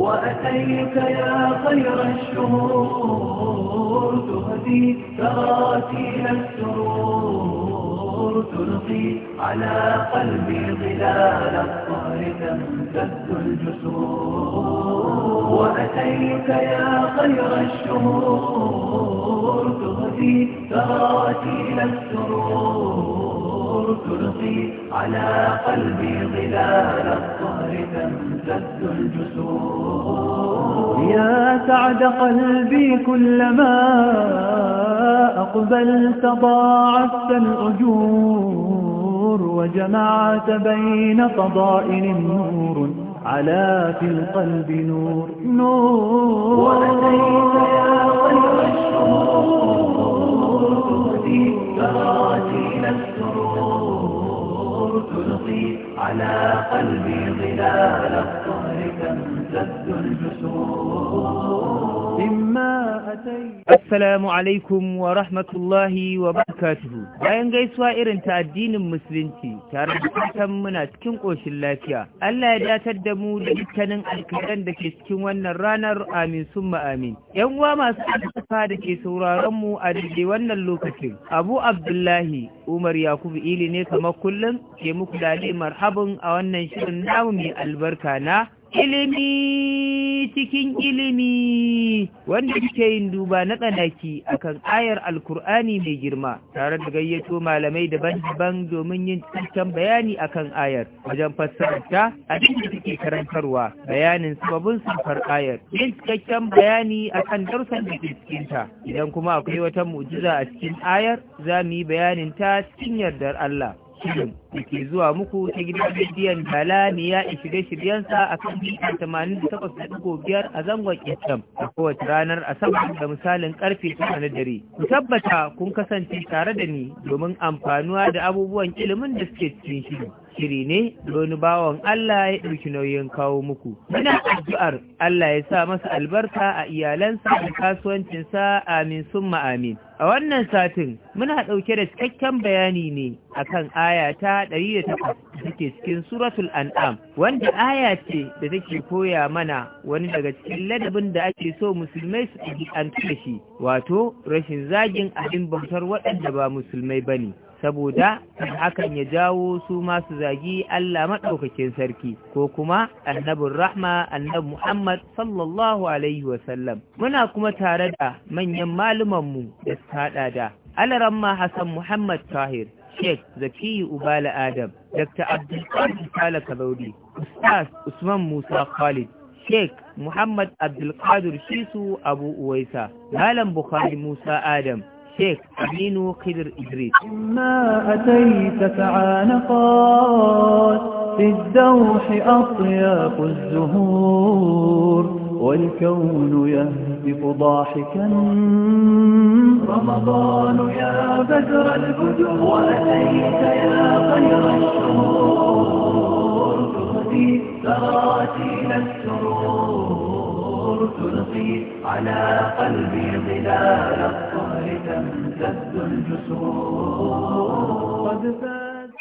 وأتيت يا خير الشهور تهدي تراتيل السرور تلقي على قلبي ظلال الطهر تمتد الجسور وأتيت يا خير الشهور تهدي تراتيل السرور تلقي على قلبي ظلال الطهر الجسور يا سعد قلبي كلما أقبلت ضاعفت الأجور وجمعت بين فضائل نور على في القلب نور نور وأتيت يا خير الشهور تهدي على قلبي ظلال الطهر تمتد الجسور Assalamu alaikum wa rahmatullahi wa barakatuhu. Bayan gaisuwa irin ta addinin musulunci tare da fatan muna cikin ƙoshin lafiya. Allah ya datar da mu da dukkanin alkhairan da ke cikin wannan ranar amin summa amin. Yan uwa masu alfafa da ke sauraron mu a daidai wannan lokacin. Abu Abdullahi Umar Yakubu Ili ne kamar kullum ke muku dali marhabin a wannan shirin namu mai albarka na ilimi cikin ilimi. wanda kike yin duba na tsanaki akan ayar alkur'ani mai girma tare da gayyato malamai daban-daban domin yin cikakken bayani akan ayar wajen fassararta a cikin take karantarwa bayanin sababbin safar ayar yin cikakken bayani akan darsan da cikinta idan kuma akwai wata mu'jiza a cikin ayar za mu yi bayanin ta cikin yardar Allah shirin da zuwa muku ta gidan bidiyon ya ya shirye-shiryensa a kan bidiyon tamanin da takwas da ɗigo biyar a zangon ƙyastam a kowace ranar asabar da misalin ƙarfe tara na dare. Ku tabbata kun kasance tare da ni domin amfanuwa da abubuwan ilimin da suke cikin shirin. shiri ne wani bawan Allah ya ɗauki nauyin kawo muku. Ina addu'ar Allah ya sa masa albarka a iyalansa da kasuwancinsa amin summa amin. A wannan satin muna ɗauke da cikakken bayani ne akan aya ta ɗari da takwas ke cikin suratul an'am wanda aya ce da take koya mana wani daga cikin ladabin da ake so musulmai su ɗauki an shi wato rashin zagin abin bautar waɗanda ba musulmai ba ne. saboda hakan ya jawo su masu zagi Allah maɗaukakin sarki ko kuma annabin rahma annabi Muhammad sallallahu Alaihi wasallam. Muna kuma tare da manyan malumanmu da su da Alaramma Hassan Muhammad Tahir, Sheikh Zakiyu Ubala Adam, Dr. Abdulkadir Sala Kabaudi, Ustaz Usman Musa Khalid, Sheikh Muhammad Abdulkadir Shisu Abu Uwaisa, Malam Bukhari Musa Adam, تيك أمين وقدر إدريس ما أتيت فعانقات في الدوح أطياق الزهور والكون يهدف ضاحكا رمضان يا بدر البدور وأتيت يا خير الشهور تهدي سراتيل السرور تلقي على قلبي ظلال الطهر تمتد الجسور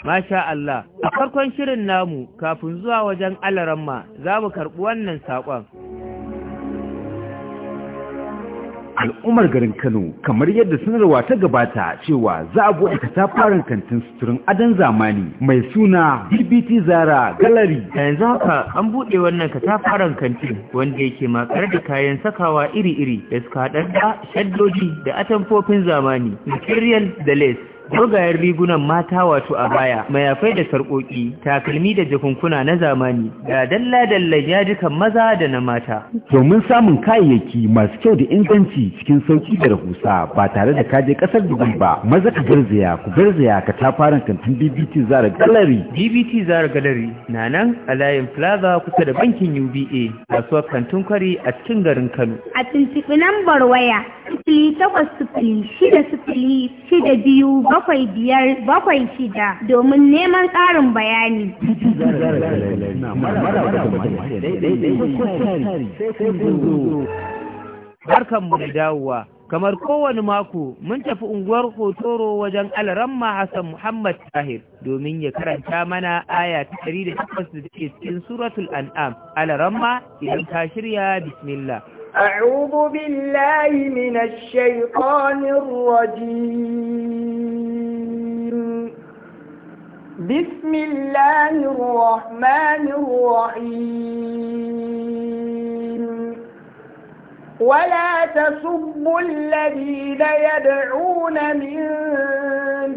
Masha Allah, a farkon shirin namu kafin zuwa wajen alaramma za mu karɓi wannan saƙon. al'ummar garin Kano kamar yadda sanarwa ta gabata cewa za a buɗe katafaren kantin suturin adon zamani mai suna BBT Zara Gallery. Da yanzu haka an buɗe wannan katafaren kantin wanda yake makar da kayan sakawa iri-iri da suka haɗar da shaddoji da atamfofin zamani, material da lace. dogayen rigunan mata wato a baya mayafai da sarƙoƙi takalmi da jakunkuna na zamani da dalla-dalla yajikan maza da na mata domin samun kayayyaki masu kyau da inganci cikin sauki da rahusa ba tare da kaje ƙasar dubai ba maza ka garzaya ku garzaya ka ta fara kantin bbt zara gallery bbt zara gallery na nan a layin plaza kusa da bankin uba kasuwar kantin kwari a cikin garin kano a tuntuɓi lambar waya sifili takwas sifili shida sifili shida biyu bakwai biyar bakwai shida domin neman ƙarin bayani. Harkan mu dawowa kamar kowane mako mun tafi unguwar hotoro wajen alramma Hassan Muhammad Tahir domin ya karanta mana aya ta 108 da take cikin suratul an'am alramma idan ka shirya bismillah أعوذ بالله من الشيطان الرجيم بسم الله الرحمن الرحيم ولا تسبوا الذين يدعون من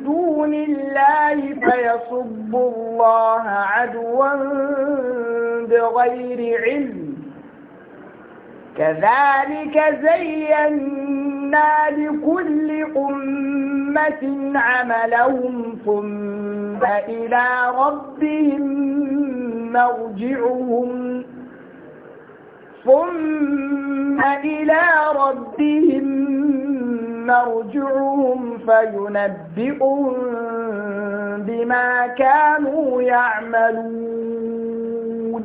دون الله فيسبوا الله عدوا بغير علم كذلك زينا لكل أمة عملهم ثم إلى ربهم مرجعهم ثم إلى ربهم مرجعهم فينبئهم بما كانوا يعملون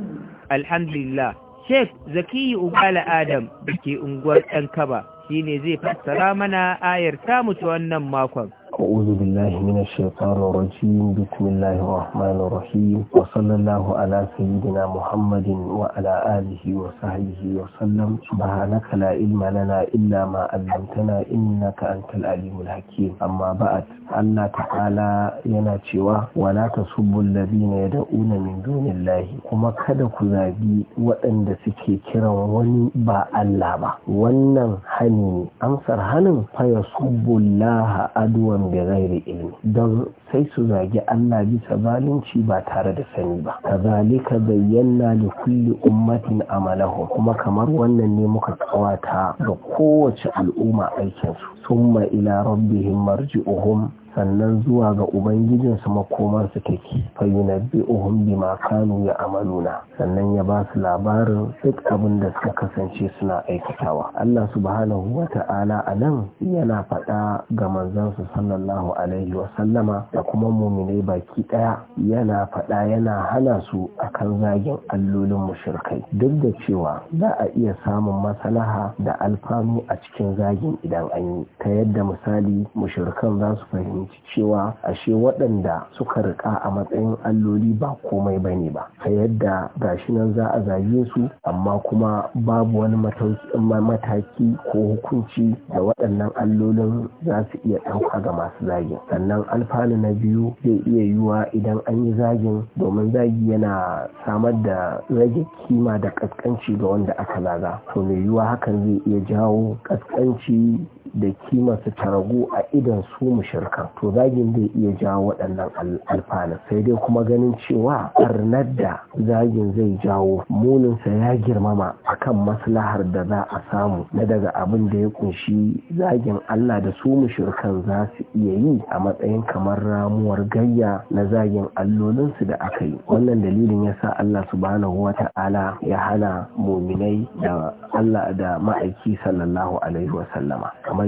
الحمد لله Sheikh Zakiyu Ubala Adam da ke unguwar ɗan kaba shi ne zai fassara mana ayar tamu ta wannan makon. أعوذ بالله من الشيطان الرجيم بسم الله الرحمن الرحيم وصلى الله على سيدنا محمد وعلى آله وصحبه وسلم سبحانك لا علم لنا إلا ما علمتنا إنك أنت العليم الحكيم أما بعد Allah ta'ala yana cewa wala tasubbu alladhina yad'una min dunillahi kuma kada ku zabi waɗanda suke kiran wani ba Allah ba wannan hani amsar hanin fa yasubbu Allah adwan bi ghairi ilmi don sai su zagi Allah bisa zalunci ba tare da sani ba Ka zalika bayyana da kulli ummatin amalahu kuma kamar wannan ne muka kawata ga kowace al'umma aikinsu summa ila rabbihim marji'uhum sannan zuwa ga ubangijinsu makomansu take bi bima ya amaluna sannan ya ba su labarin duk abin da suka kasance suna aikatawa Allah subhanahu Ta'ala a nan yana faɗa ga manzansu sallallahu alaihi wa sallama da kuma muminai baki ɗaya yana faɗa yana hana su akan zagin allolin mushrikai duk da cewa za a iya samun maslaha da alfanu a cikin zagin idan an yi ta yadda misali mushrikan za su fahimci fahimci cewa ashe waɗanda suka riƙa a matsayin alloli ba komai ba ne ba ta yadda gashi nan za a zage su amma kuma babu wani mataki ko hukunci da waɗannan allolin za su iya ɗauka ga masu zagin sannan alfanu na biyu zai iya yiwuwa idan an yi zagin domin zagi yana samar da rage kima da ƙasƙanci ga wanda aka zaga to mai yiwuwa hakan zai iya jawo ƙasƙanci da kimarsu ta ragu a idan su mushirka to zagin zai iya jawo waɗannan alfanan, sai dai kuma ganin cewa ɓarnar da zagin zai jawo muninsa ya girmama akan maslahar da za a samu na daga abin da ya kunshi zagin Allah da su mushirkan za su iya yi a matsayin kamar ramuwar gayya na zagin allolinsu da aka yi wannan dalilin ya sa Allah subhanahu wa ta'ala ya hana muminai da Allah da ma'aiki sallallahu alaihi wa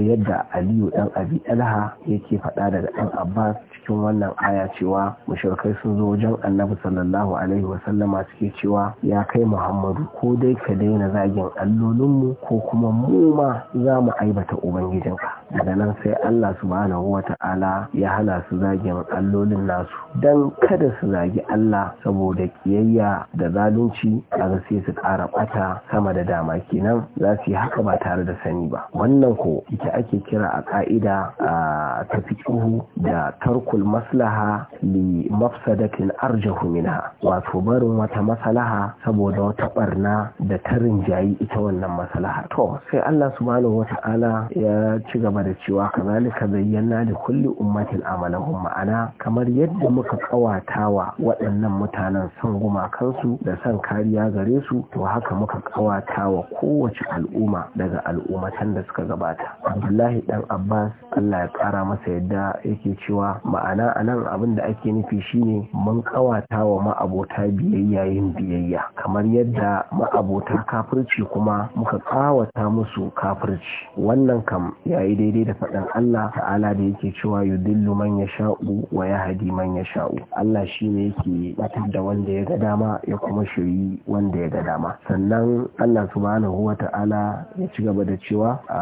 kamar yadda aliyu dan abi talha yake faɗa daga dan abbas cikin wannan aya cewa mushrikai sun zo wajen annabi sallallahu alaihi wasallama suke cewa ya kai muhammadu ko dai ka daina zagin allolinmu ko kuma mu ma za mu aibata ubangijinka daga nan sai allah subhanahu wata'ala ya hana su zagin allolin nasu dan kada su zagi allah saboda kiyayya da zalunci kaga sai su kara bata sama da dama kenan za su yi haka ba tare da sani ba wannan ko ita ake kira a ka'ida a tafi da tarko tarkul maslaha li mafsadatin arjahu minha wato barin wata maslaha saboda wata barna da ta rinjayi ita wannan maslaha to sai Allah subhanahu wata'ala ya ci gaba da cewa kazalika zayyana li kulli ummatin amalahum ma'ana kamar yadda muka kawatawa waɗannan mutanen son gumakansu da son kariya gare su to haka muka kawatawa kowace al'umma daga al'ummatan da suka gabata Abdullahi dan Abbas Allah ya ƙara masa yadda yake cewa ma'ana a nan abin da ake nufi shine mun ƙawata wa ma'abota biyayya yin biyayya kamar yadda ma'abota kafirci kuma muka ƙawata musu kafirci wannan kam yayi daidai da faɗin Allah ta'ala da yake cewa yudillu man sha'u wa yahdi man sha'u. Allah shi shine yake batar da wanda ya ga dama ya kuma shiri wanda ya ga dama sannan Allah subhanahu ta'ala ya ci gaba da cewa a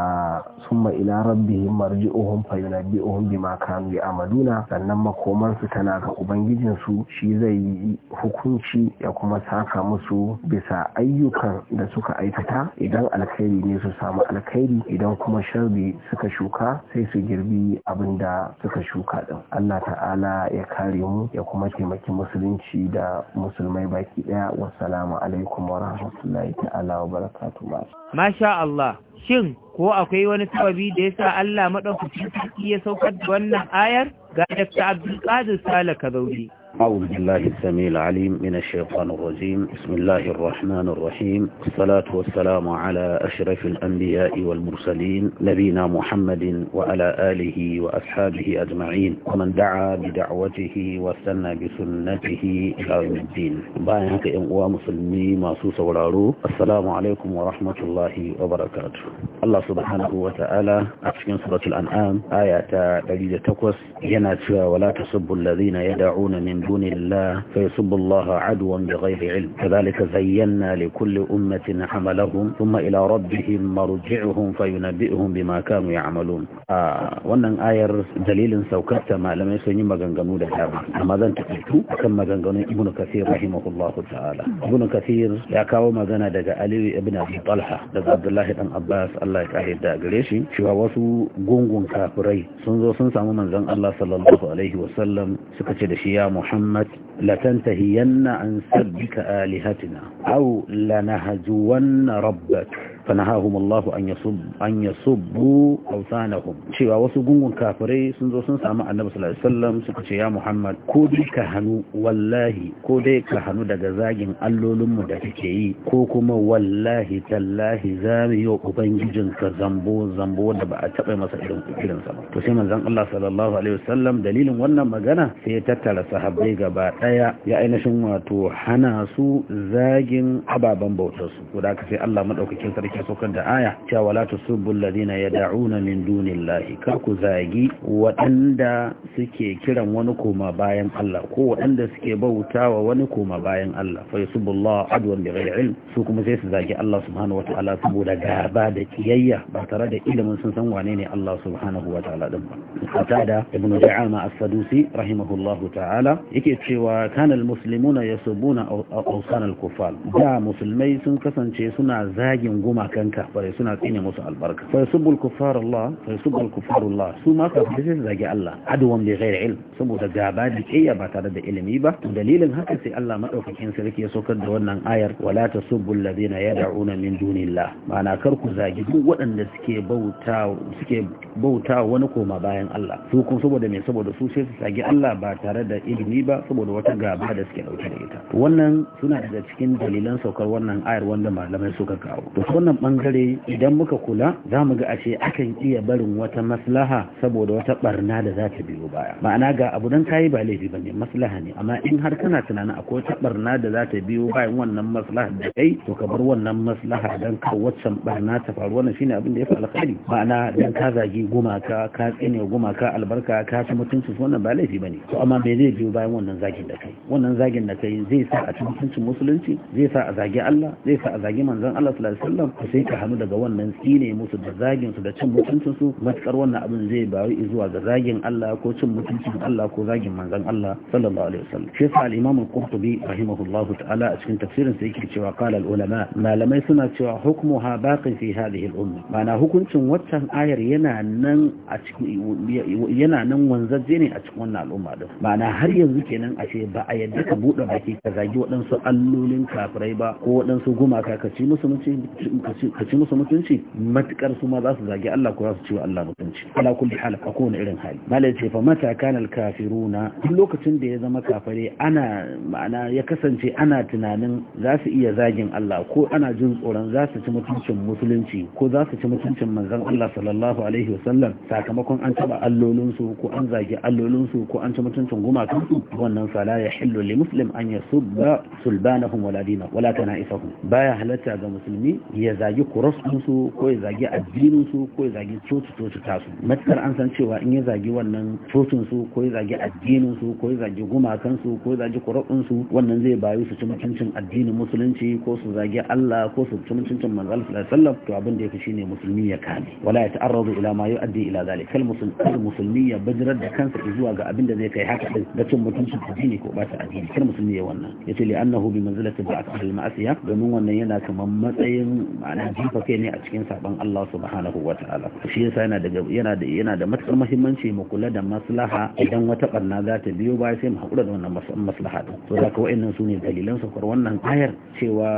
summa ila rabbihim marji'u nabbi'uhum fa yunabbi'uhum bima kanu ya'maluna sannan makoman su tana ga ubangijin su shi zai yi hukunci ya kuma saka musu bisa ayyukan da suka aikata idan alkhairi ne su samu alkhairi idan kuma sharri suka shuka sai su girbi abin da suka shuka din Allah ta'ala ya kare mu ya kuma taimaki musulunci da musulmai baki daya wassalamu alaikum warahmatullahi rahmatullahi ta'ala wa barakatuh masha Allah shin ko akwai wani sababi da ya sa Allah maɗaukacin sarki ya saukar da wannan ayar ga Dr. Abdulkadir Sala Kazauri. أعوذ بالله السميع العليم من الشيطان الرجيم بسم الله الرحمن الرحيم الصلاة والسلام على أشرف الأنبياء والمرسلين نبينا محمد وعلى آله وأصحابه أجمعين ومن دعا بدعوته وسنى بسنته إلى يوم الدين بايعك هكا إمواء مسلمي ماسوس ولارو السلام عليكم ورحمة الله وبركاته الله سبحانه وتعالى أتشكين سورة الأنعام آية دليل تقوس يناتوا ولا تسبوا الذين يدعون من من دون الله فيسب الله عدوا بغير علم كذلك زينا لكل أمة حملهم ثم إلى ربهم مرجعهم فينبئهم بما ya يعملون آه wannan ayar dalilin saukarta malamai sun yi maganganu da dama amma zan taƙaitu kan maganganun ibnu kathir rahimahullahu ta'ala ibnu kathir ya kawo magana daga aliyu ibnu abi da daga abdullahi dan abbas Allah ya kare da gare shi cewa wasu gungun kafirai sun zo sun samu manzon Allah sallallahu alaihi wasallam suka ce da shi ya محمد لتنتهين عن سبك آلهتنا أو لنهزون ربك fanahahum Allah an yasub an yasubbu awsanahum cewa wasu gungun kafurai sun zo sun samu Annabi sallallahu alaihi wasallam suka ce ya Muhammad ko dai ka hanu wallahi ko dai ka hanu daga zagin allolin mu da kake yi ko kuma wallahi tallahi zamu yi ubangijin ka zambo zambo da ba a taba masa irin irin sa to sai manzon Allah sallallahu dalilin wannan magana sai ya tattara sahabbai gaba daya ya ainihin wato hana su zagin ababen bautar su ko da ka sai Allah madaukakin sarki aka da aya cewa wala tusubbu alladhina yad'una min dunillahi kar ku zagi waɗanda suke kiran wani koma bayan Allah ko waɗanda suke bautawa wani koma bayan Allah fa yusubbu Allah adwan bighairi ilm su kuma sai su zagi Allah subhanahu wataala saboda gaba da kiyayya ba tare da ilimin sun san wane ne Allah subhanahu wataala din ba hatta da ibnu da'ama as-sadusi rahimahullahu ta'ala yake cewa kana al-muslimuna yasubuna awsan al-kuffar da musulmai sun kasance suna zagin guma gumakan kafirai suna tsine musu albarka fa yasubbu al-kuffar Allah fa yasubbu al-kuffar Allah su ma kafirai sai zagi Allah adwan bi ghairi ilm saboda gaba da kiyya ba tare da ilimi ba dalilin haka sai Allah madaukakin sarki ya saukar da wannan ayar wala tasubbu alladhina yad'una min dunillah ma'ana kar ku zagi duk waɗanda suke bauta suke bauta wani koma bayan Allah su kun saboda me saboda su sai su zagi Allah ba tare da ilimi ba saboda wata gaba da suke dauke da ita wannan suna daga cikin dalilan saukar wannan ayar wanda malamai suka kawo to wannan bangare idan muka kula za mu ga ashe akan iya barin wata maslaha saboda wata barna da za ta biyo baya ma'ana ga abu dan kayi ba laifi bane maslaha ne amma in har kana tunanin akwai wata barna da za ta biyo bayan wannan maslaha da kai to ka bar wannan maslaha dan ka wacce barna ta faru wannan shine abin da ya fi alkhairi ma'ana dan ka zagi gumaka ka tsine gumaka albarka ka ci mutuncin wannan ba laifi bane to amma me zai biyo bayan wannan zagin da kai wannan zagin da kai zai sa a ci mutuncin musulunci zai sa a zagi Allah zai sa a zagi manzon Allah sallallahu alaihi wasallam to sai ka hannu daga wannan tsine musu da zagin su da cin mutuncin su matukar wannan abin zai bayu zuwa ga zagin Allah ko cin mutuncin Allah ko zagin manzon Allah sallallahu alaihi wasallam shi sa al-Imam al-Qurtubi rahimahullahu ta'ala a cikin tafsirin sa yake cewa qala al-ulama malamai suna cewa hukmuha baqin fi hadhihi al-umma ma'ana hukuncin waccan ayar yana nan a cikin yana nan wanzaje ne a cikin wannan al'umma din ma'ana har yanzu kenan ashe ba a yadda ka bude baki ka zagi waɗansu allolin kafirai ba ko waɗansu gumaka ka ci musu mutunci ka ci musu mutunci matukar su ma za su zagi Allah ko za su ci wa Allah mutunci ala kulli hal a kowane irin hali malai ce fa mata kana kafiruna duk lokacin da ya zama kafare ana ma'ana ya kasance ana tunanin za su iya zagin Allah ko ana jin tsoron za su ci mutuncin musulunci ko za su ci mutuncin manzon Allah sallallahu alaihi wasallam sakamakon an taba allolin su ko an zagi allolin su ko an ci mutuncin gumakan su wannan fala ya hillu li muslim an yasubba sulbanahum wala tana wala tana'isahum baya halatta ga musulmi ya zagi kurastunsu ko ya zagi addininsu ko ya zagi coci-coci tasu matakar an san cewa in ya zagi wannan cocinsu ko ya zagi addininsu ko ya zagi gumakansu ko ya zagi kurastunsu wannan zai bayu su ci mutuncin addinin musulunci ko su zagi Allah ko su ci mutuncin manzal sallam to abin da yake shine musulmi ya kame wala ya ta'arradu ila ma yu'addi ila zalik kal musulmi ya bajirar da kansa zuwa ga abin da zai kai haka din da cin mutuncin addini ko ba ta addini kar musulmi ya wannan yace li annahu bi manzilati ba'd al ma'asiya domin wannan yana kaman matsayin ma'ana jifa kai ne a cikin saban Allah subhanahu wa ta'ala shi yasa yana da yana da yana da matukar muhimmanci mu kula da maslaha idan wata barna za ta biyo ba sai mu hakura da wannan maslaha din to zaka wa'annan sune dalilan saukar wannan ayar cewa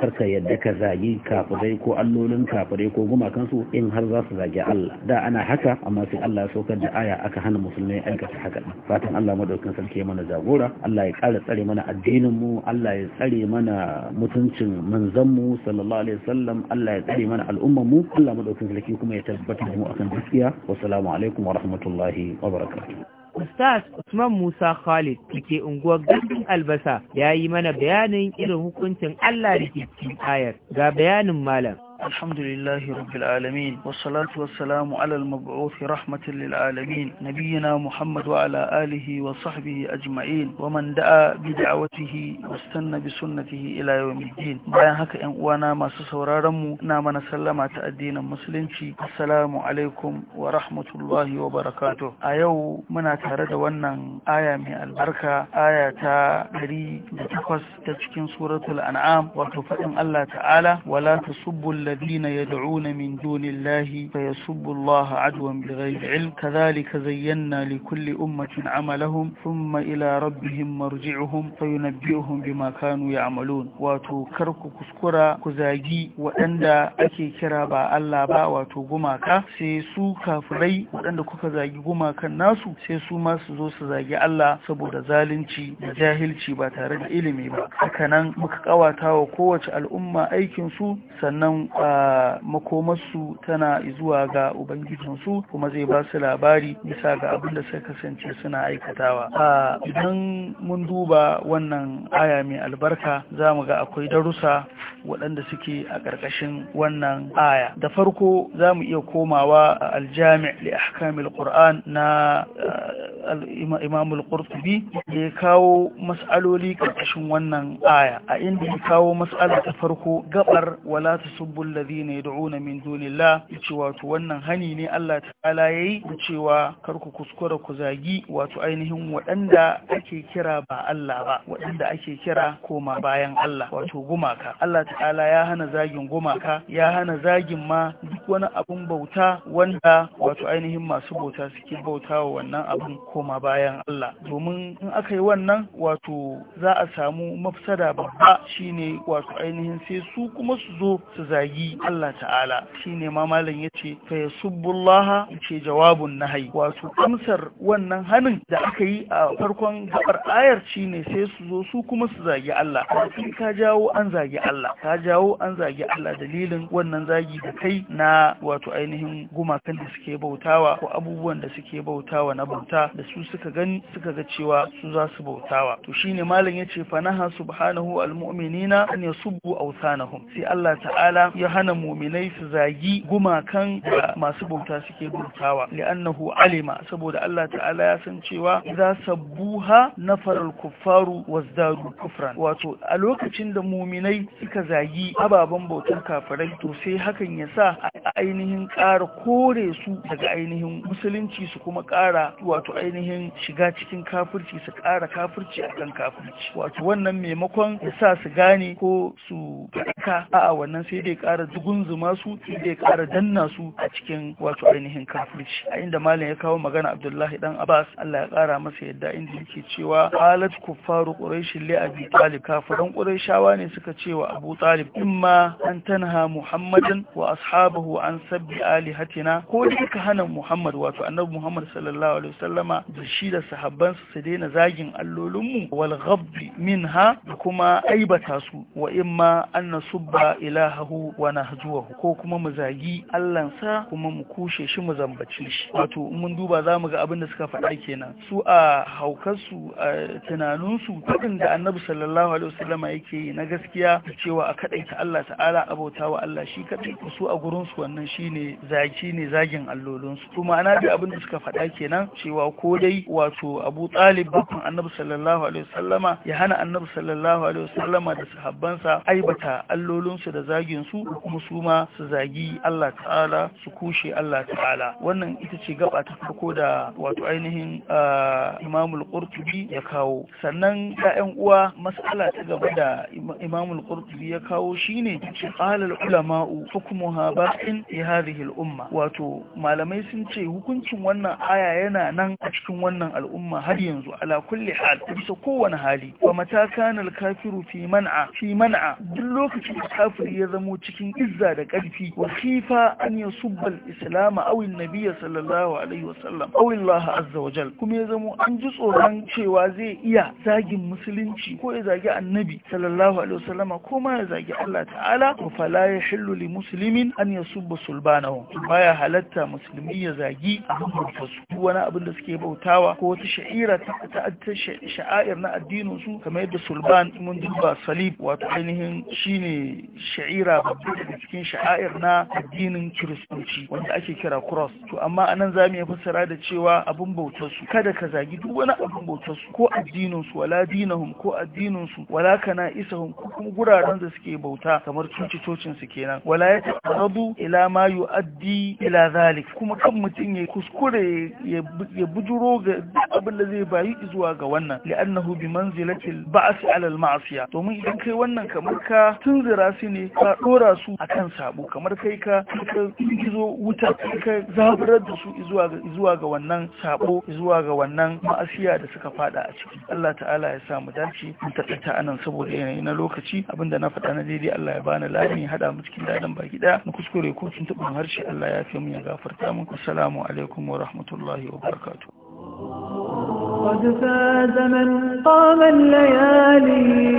karka yadda ka zagi kafirai ko allolin kafirai ko gumakan su in har za su zagi Allah da ana haka amma sai Allah ya saukar da aya aka hana musulmai aikata haka fatan Allah madaukakin sarki mana jagora Allah ya kara tsare mana addinin mu Allah ya tsare mana mutuncin manzon mu sallallahu alaihi wasallam wasallam Allah ya tsare mana al'ummar mu Allah madaukakin sarki kuma ya tabbatar mu akan gaskiya wassalamu alaikum wa rahmatullahi Ustaz Usman Musa Khalid ke unguwar gandun albasa ya yi mana bayanin irin hukuncin Allah da ke cikin ayar ga bayanin malam الحمد لله رب العالمين والصلاة والسلام على المبعوث رحمة للعالمين نبينا محمد وعلى آله وصحبه أجمعين ومن دعا بدعوته واستنى بسنته إلى يوم الدين بيان هكا إن وانا ما سسورا رمو نام نسلم تأدين المسلم السلام عليكم ورحمة الله وبركاته أيو منا تهرد وانا آية من البركة آية تهري تتقص تشكين سورة الأنعام وتفئن الله تعالى ولا تسبوا الذين يدعون من دون الله فيسبوا الله عدوا بغير علم كذلك زينا لكل أمة عملهم ثم إلى ربهم مرجعهم فينبئهم بما كانوا يعملون واتو كركو كسكرا كزاجي وأندا أكي كرابا ألا با واتو قماكا سيسو كافري وأندا كزاجي قماكا ناسو سيسو ما سزو سزاجي ألا سبو دزالنشي دجاهلشي باتارد إلمي با hakanan muka kawata wa kowace al'umma aikinsu sannan makomarsu tana zuwa ga ubangijinsu kuma zai ba su labari bisa ga abin da suka kasance suna aikatawa idan mun duba wannan aya mai albarka za mu ga akwai darussa waɗanda suke a ƙarƙashin wannan aya da farko za mu iya komawa a aljami' li ahkamil qur'an na eh, Imamul al-qurtubi da ya kawo mas'aloli ƙarƙashin wannan aya a inda ya kawo mas'ala ta farko gabar wala tasubbu alladhina yad'una min dunillah yace wato wannan hani ne Allah ta'ala yayi cewa kar ku kuskura ku zagi wato ainihin waɗanda ake kira ba Allah ba waɗanda ake kira koma bayan Allah wato gumaka Allah ta ta'ala ya hana zagin gumaka ya hana zagin ma duk wani abun bauta wanda wato ainihin masu bauta suke bauta wa wannan abun koma bayan Allah domin in aka yi wannan wato za a samu mafsada babba shine wato ainihin sai su kuma su zo su zagi Allah ta'ala shine ma malam yace fa yasubbullaha ce jawabun nahyi wato amsar wannan hanin da aka yi a farkon gabar ayar shine sai su zo su kuma su zagi Allah in ka jawo an zagi Allah ka jawo an zagi Allah dalilin wannan zagi da kai na wato ainihin gumakan da suke bautawa ko abubuwan da suke bautawa na bauta da su suka gani suka ga cewa su za su bautawa to shine malam yace fanaha subhanahu almu'minina an yasubbu awsanahum sai Allah ta'ala ya hana mu'minai su zagi gumakan da masu bauta suke bautawa li'annahu alima saboda Allah ta'ala ya san cewa za sabbuha nafar al-kuffaru wazdaru kufran wato a lokacin da mu'minai suka zagi ababen bautan kafirai to sai hakan ya sa a ainihin ƙara kore su daga ainihin musulunci su kuma ƙara wato ainihin shiga cikin kafirci su ƙara kafirci kan kafirci wato wannan maimakon ya sa su gane ko su ka a'a wannan sai dai ƙara zuma su sai dai ƙara danna su a cikin wato ainihin kafirci a inda malam ya kawo magana abdullahi dan abbas allah ya ƙara masa yadda inda yake cewa halat kuffaru quraish li abi talib kafiran qurayshawa ne suka cewa abu Talib ma an tanha Muhammadan wa ashabahu an sabbi alihatina ko dai hana Muhammad wato annabi Muhammad sallallahu alaihi wasallama da shi da sahabbansa su daina zagin allolinmu wal ghabbi minha da kuma aibata su wa imma an nasubba ilahahu wa nahjuhu ko kuma mu zagi Allahnsa kuma mu kushe shi mu zambace shi wato mun duba zamu ga abin da suka faɗa kenan su a haukarsu a tunaninsu da annabi sallallahu alaihi wasallama yake yi na gaskiya cewa A a ta Allah ta'ala abota wa Allah shi kaɗai su a gurinsu wannan shine zaki ne zagin allolinsu kuma ana bi abin da suka faɗa kenan cewa ko dai wato Abu Talib bakon Annabi sallallahu alaihi wasallama ya hana Annabi sallallahu alaihi wasallama da sahabbansa aibata allolinsu da zagin su kuma su ma su zagi Allah ta'ala su kushe Allah ta'ala wannan ita ce gaba ta farko da wato ainihin Imamul Qurtubi ya kawo sannan 'ya'yan uwa mas'ala ta gaba da Imamul Qurtubi ya kawo shine alal ulama'u hukmuha ba'in fi hadhihi al-umma wato malamai sun ce hukuncin wannan aya yana nan a cikin wannan al'umma har yanzu ala kulli hal bisa kowane hali wa mata kana al-kafiru fi man'a fi man'a duk lokacin da kafiri ya zamo cikin izza da karfi wa khifa an yusubba al-islam aw an-nabiy sallallahu alaihi wasallam aw Allah azza wa jal kuma ya zamo an ji tsoron cewa zai iya zagin musulunci ko ya zagi annabi sallallahu alaihi wasallama ko ma ya zagi Allah ta'ala wa fala ya hillu li muslimin an yasubba sulbanahu baya halatta musulmi ya zagi a bautarsu duk wani abin da suke bautawa ko wata sha'ira ta sha'air na addinin su kamar yadda sulban mun duba salib wato ainihin shine sha'ira babba daga cikin sha'air na addinin kiristanci. wanda ake kira cross to amma anan za mu fassara da cewa abin bautarsu kada ka zagi duk wani abin bautarsu ko addinin su wala dinahum ko addinin su wala kana isahum ko kuma guraren da suke bauta kamar cuci su kenan wala ya ta'arradu ila ma yu'addi ila zalik kuma kan mutum ya kuskure ya bujuro ga abin da zai bayi zuwa ga wannan li'annahu bi manzilatil ba'as ala al-ma'siya domin idan kai wannan kamar ka tunzira su ne ka dora su akan sabo kamar kai ka ka zo wuta ka zabarar da su zuwa ga zuwa ga wannan sabo zuwa ga wannan ma'asiya da suka fada a ciki Allah ta'ala ya sa mu dace mu taƙaita anan saboda yanayi na lokaci abinda na faɗa faɗa na daidai Allah ya bani ladan ya haɗa mu cikin ladan baki ɗaya na kuskure ko cin tuɓin harshe Allah ya fi mu ya gafarta mu assalamu alaikum wa rahmatullahi wa barakatuh قد فاز من قام الليالي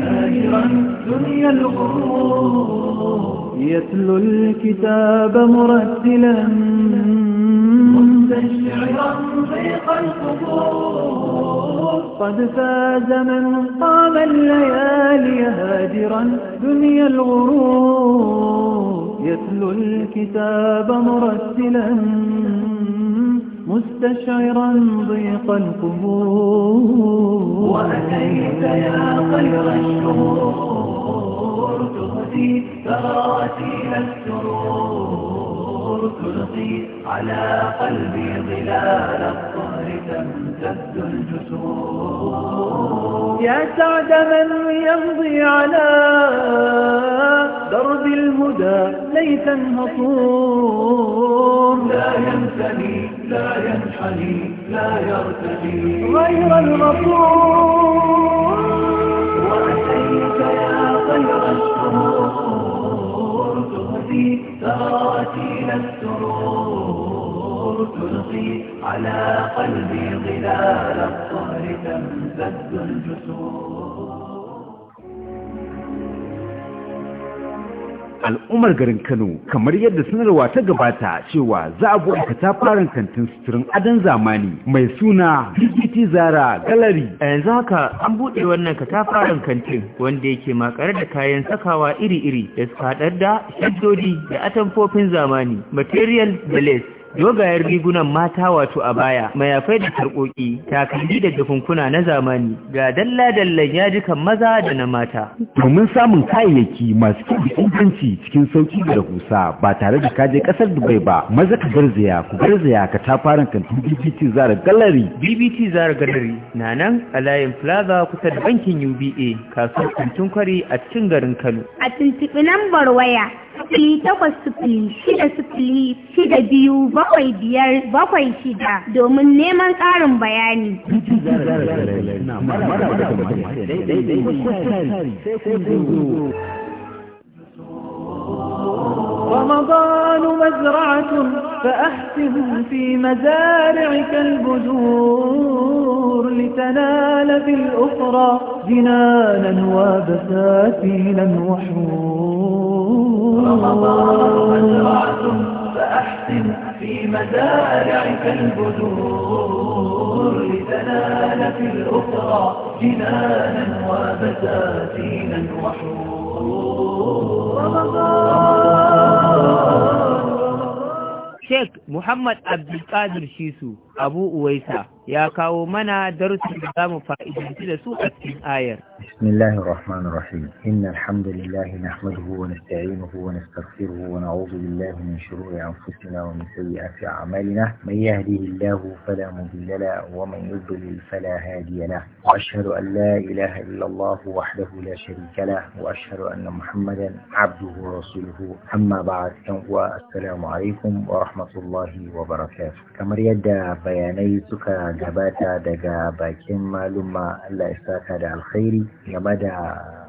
هاجرا دنيا الغرور يتلو الكتاب مرتلا مستشعرا ضيق القبور قد فاز من قام الليالي هاجرا دنيا الغرور يتلو الكتاب مرسلا مستشعرا ضيق القبور وأتيت يا خير الشهور تهدي ثغراتي السرور تلقي على قلبي ظلال الطهور يا سعد من يمضي على درب الهدى ليس هطور لا ينثني لا ينحني لا يرتدي غير الغفور وعليك يا خير الشهور تهدي ثغراتي للسرور تلقي على قلبي ظلال الطهر تمتد الجسور al'ummar garin Kano kamar yadda sanarwa ta gabata cewa za a buɗe katafaren kantin suturin adon zamani mai suna Digiti Zara Gallery. A yanzu haka an buɗe wannan katafaren kantin wanda yake makare da kayan sakawa iri-iri da suka haɗar da shaddodi da atamfofin zamani, material da lace. dogayen rigunan mata wato a baya mayafai da tarkoki takalmi da jakunkuna na zamani ga dalla-dallan yajikan maza da na mata domin samun kayayyaki masu kyau da inganci cikin sauki da rahusa ba tare da kaje kasar dubai ba maza ka garzaya ku garzaya ka ta fara kantin bbt zara gallery bbt zara gallery na nan a layin plaza kusa da bankin uba kasuwar kantin kwari a cikin garin kano a tuntuɓi lambar waya sifili takwas sifili shida sifili shida biyu bakwai biyar bakwai shida domin neman ƙarin bayani. Sai رمضان مزرعة فأحسن في مزارعك البذور لتنال في الأخرى جنانا وبساتينا وحور رمضان مزرعة فأحسن في مزارعك البذور لتنال في الأخرى جنانا وبساتينا وحور رمضان Sheikh Muhammad Abdulkadir Shisu Abu Uwaisa ya kawo mana darussan da za mu fa'idanci da su a cikin ayar. Bismillahir Rahmanir Rahim. Innal hamdalillahi nahmaduhu wa nasta'inuhu wa nastaghfiruhu wa na'udhu billahi min shururi anfusina wa min sayyiati a'malina. Man yahdihillahu fala mudilla lahu wa man yudlil fala hadiya lahu. Wa ashhadu an la ilaha illa Allah wahdahu la sharika lahu wa ashhadu anna Muhammadan 'abduhu wa rasuluhu. Amma ba'd. Yan uwa assalamu alaikum wa rahmatullahi wa barakatuh. Kamar yadda bayanai suka gabata daga bakin maluma Allah ya saka da alkhairi game da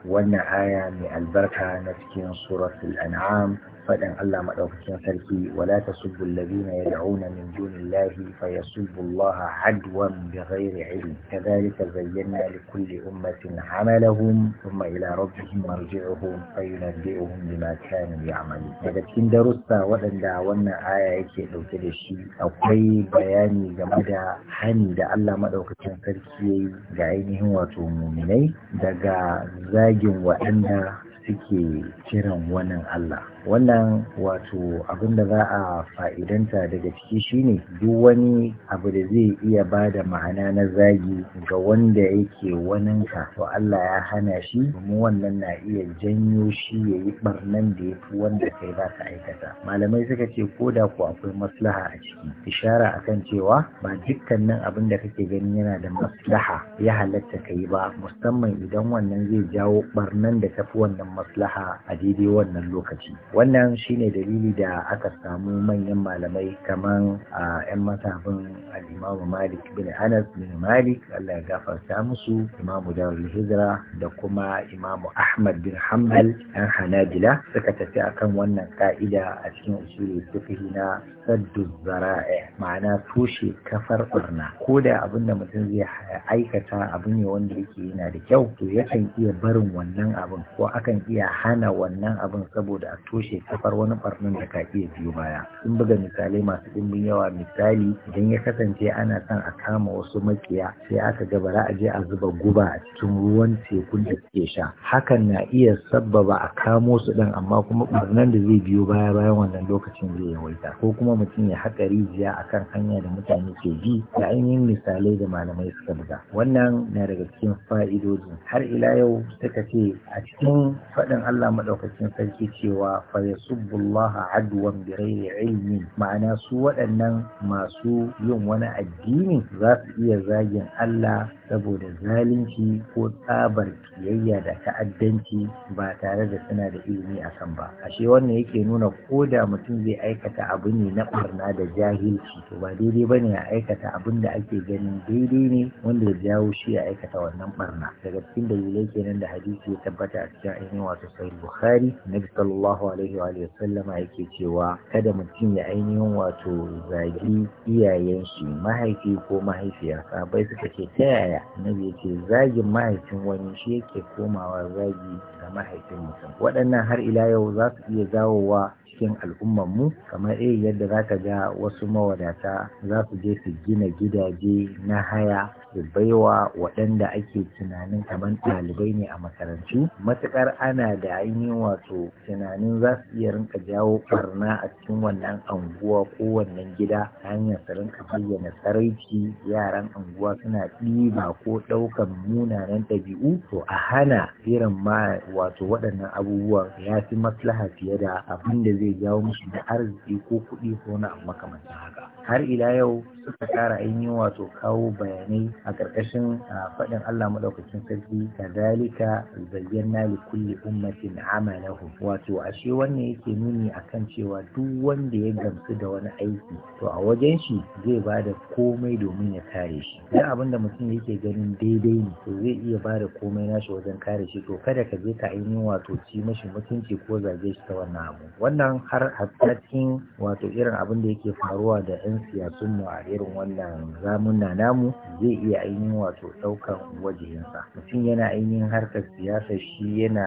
wannan aya mai albarka na cikin suratul an'am faɗin Allah maɗaukacin sarki wala tasubbu alladhina yad'una min dunillahi fayasubbu Allah adwan bighairi ilm kadhalika zayyana kulle ummatin amalahum thumma ila rabbihim marji'uhum fayunabbi'uhum bima kanu ya'malun daga cikin darussa waɗanda wannan aya yake ɗauke da shi akwai bayani game da hani da Allah maɗaukacin sarki yayi ga ainihin wato muminai daga zagin waɗanda suke kiran wannan Allah wannan wato abin da za a fa'idanta daga ciki shine duk wani abu da zai iya ba da ma'ana na zagi ga wanda yake waninka to Allah ya hana shi domin wannan na iya janyo shi ya yi barnan da ya fi wanda kai za ka aikata malamai suka ce ko da ku akwai maslaha a ciki ishara akan cewa ba dukkanin abin da kake gani yana da maslaha ya halatta ka yi ba musamman idan wannan zai jawo barnan da tafi wannan maslaha a daidai wannan lokaci wannan shine dalili da aka samu manyan malamai kamar a 'yan masabin al'imamu malik bin anas bin malik allah ya gafarta musu imamu darul hijira da kuma imamu ahmad bin hamal yan hanabila suka tafi akan wannan ka'ida a cikin usuli fiqh na saddu zara'i ma'ana toshe kafar barna ko da abin da mutum zai aikata abu ne wanda yake yana da kyau to yakan iya barin wannan abin ko akan iya hana wannan abin saboda a toshe kafar wani barnan da ka iya biyo baya sun buga misalai masu dimbin yawa misali idan ya kasance ana son a kama wasu makiya sai aka ga bara a je a zuba guba a cikin ruwan tekun da suke sha hakan na iya sabbaba a kamo su dan amma kuma barnan da zai biyo baya bayan wannan lokacin zai yawaita ko kuma mutum ya haƙa rijiya a kan hanya da mutane ke bi da ainihin misalai da malamai suka buga wannan na daga cikin fa'idodin. har ila yau suka ce a cikin faɗin Allah maɗaukacin sarki cewa fa yasubbullaha adwan bi ghairi ilmin ma'ana su waɗannan masu yin wani addini za su iya zagin Allah saboda zalunci ko tsabar kiyayya da ta'addanci ba tare da suna da ilimi a kan ba ashe wannan yake nuna ko da mutum zai aikata abu ne na barna da jahilci to ba daidai ba ne a aikata abin da ake ganin daidai ne wanda ya jawo shi a aikata wannan barna daga cikin dalilai kenan da hadisi ya tabbata a cikin ainihin wato sahih bukhari nabi sallallahu alaihi wa alihi sallama yake cewa kada mutum ya ainihin wato zagi iyayen shi mahaifi ko mahaifiyarsa bai suka ce ta yaya aya annabi ya ce zagin mahaifin wani shi yake komawa zagi ga mahaifin mutum waɗannan har ila yau za su iya dawowa cikin al'ummar mu? kamar irin yadda za ka ga wasu mawadata za su je su gina gidaje na haya su baiwa waɗanda ake tunanin kamar ɗalibai ne a makarantu matuƙar ana da ainihin wato tunanin za su iya rinka jawo ɓarna a cikin wannan anguwa ko wannan gida ta hanyar su rinka bayyana tsaraici yaran anguwa suna ɗiba ko ɗaukan munanan ɗabi'u to a hana irin ma wato waɗannan abubuwan ya fi maslaha fiye da abin da zai jawo musu da arziki ko kuɗi ko wani abu makamantan haka har ila yau suka ƙara ainihin wato kawo bayanai a ƙarƙashin faɗin Allah maɗaukacin sarki kadhalika zayyana li kulli ummatin amalahu wato ashe wannan yake nuni akan cewa duk wanda ya gamsu da wani aiki to a wajen shi zai ba da komai domin ya kare shi Idan abin da mutum yake ganin daidai ne to zai iya ba da komai nashi wajen kare shi to kada ka je ka ainihin wato ci mashi mutunci ko zage shi ta wannan abu wannan har a cikin wato irin abin da yake faruwa da 'yan siyasun mu a irin wannan zamuna namu zai iya ainihin wato ɗaukan wajihinsa mutum yana ainihin harkar siyasa shi yana